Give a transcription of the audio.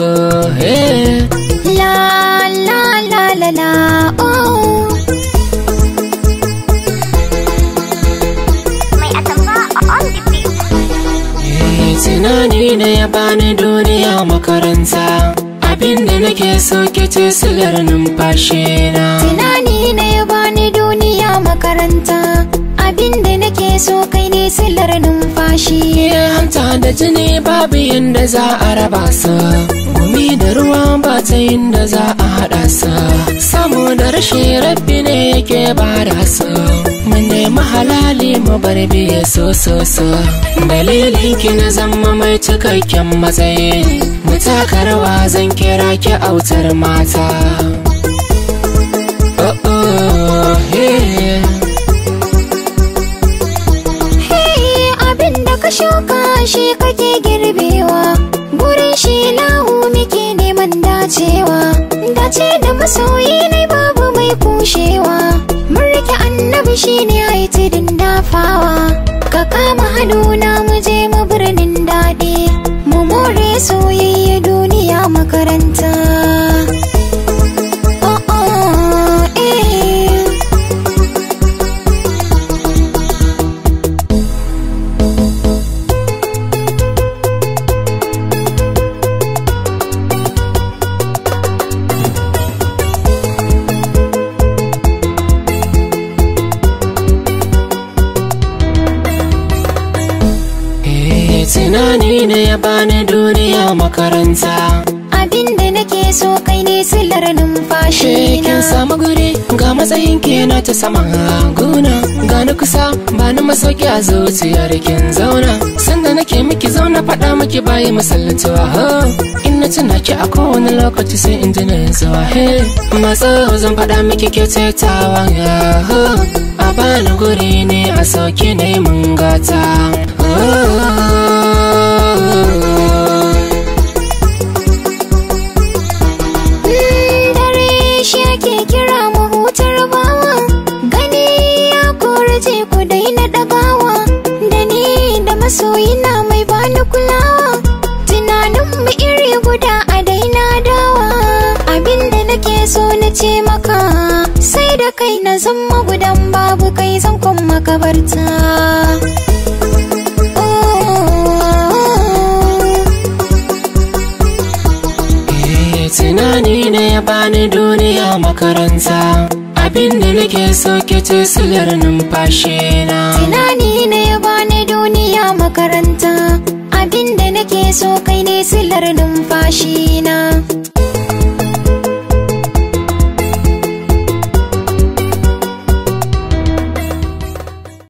go hey. La la la la la oh Tunani ya bani duniya makaranta Abinda nake so ke ce silar numfashina Tunani ne ya bani duniya makaranta abinda nake so kai ne silar numfashi hanta da jini babu yanda za a raba su ruwan ba ta yin da za a haɗa sa samu da rabbi ne yake ba da su mu nemi halali mu bar biye so so so dalilin ki na zama mai cikakken matsayi mu taka rawa zan kira ki autar mata oh, oh, shi kake ce da masoyi ne babu mai kushewa mun rike annabi shine yi tudun dafawa ka kama haduna mu je mu birnin daɗi mu more soyayya duniya makaranta tunani ne ya bani duniya makaranta abinda nake so kai ne silar numfashi eh, na kin samu guri ga matsayin na ta sama haguna ga na kusa ba na masauki a zuciyar kin zauna sanda nake miki zauna faɗa miki bayi masallantuwa in na tuna ki a kowane lokaci sai in ji na zuwa he matsa zan faɗa miki kyautatawa a bani guri ne a sauki ne mun gata so na mai bani kulawa tunaninmu iri guda a daina dawa abinda nake so na ce maka sai da kai na zan magudan babu kai zan kuma makabarta eh, tunani ne ya bani duniya makaranta abinda nake so ke ce silar na tunani ne ya bani duniya makaranta abinda nake so kai ne silar numfashi